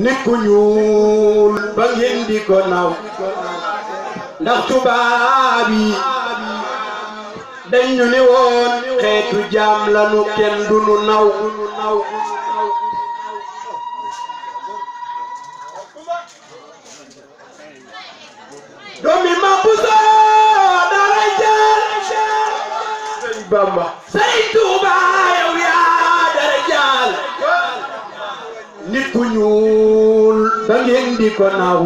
nit ku ñuul ba ngeen di ko ndax tubaab yi dañ ñu ni woon xeetu jaam lanu kenn du nu naw doomi ma buso dara jaar sëñ Bamba sëñ Tuubaa yow yaa ku ñuul ba ngeen di ko naw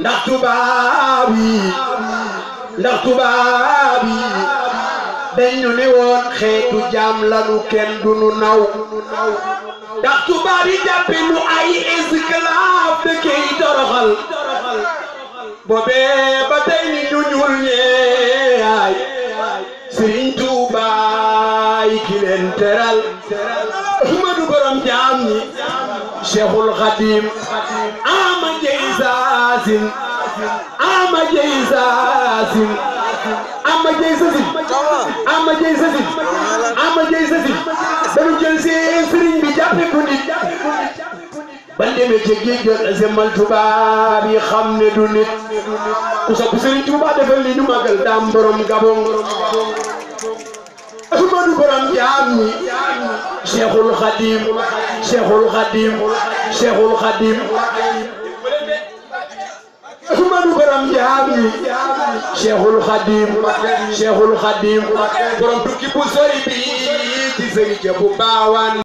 ndax tubaab yi ndax tubaab yi dañu ne woon xeetu jaam lanu kenn du nu naw ndax tubaab yi jàppe nu ay esclave dëkkey toroxal boobee ba tey ni ñu ñuul ñee di leen teral Ahmadu borom jaam ñi Cheikhul Khadim ama jeysasin ama jeysasin ama jeysasin ama jeysasin ama jeysasin dañu jël seen sëriñ bi jàppe ko nit ba demee ci géej ga semal tubaab yi xam ne du nit ku sopp Sëriñ Tuubaa defal li ñu màggal daam borom gabon Ahmadu borom jaam ñi Cheikhul Khadim Cheikhul Khadim Cheikhul Khadim Ahmadu borom jaam ñi Cheikhul Khadim Cheikhul Khadim borom tukki bu sori bi ci sëriñ bu baawaan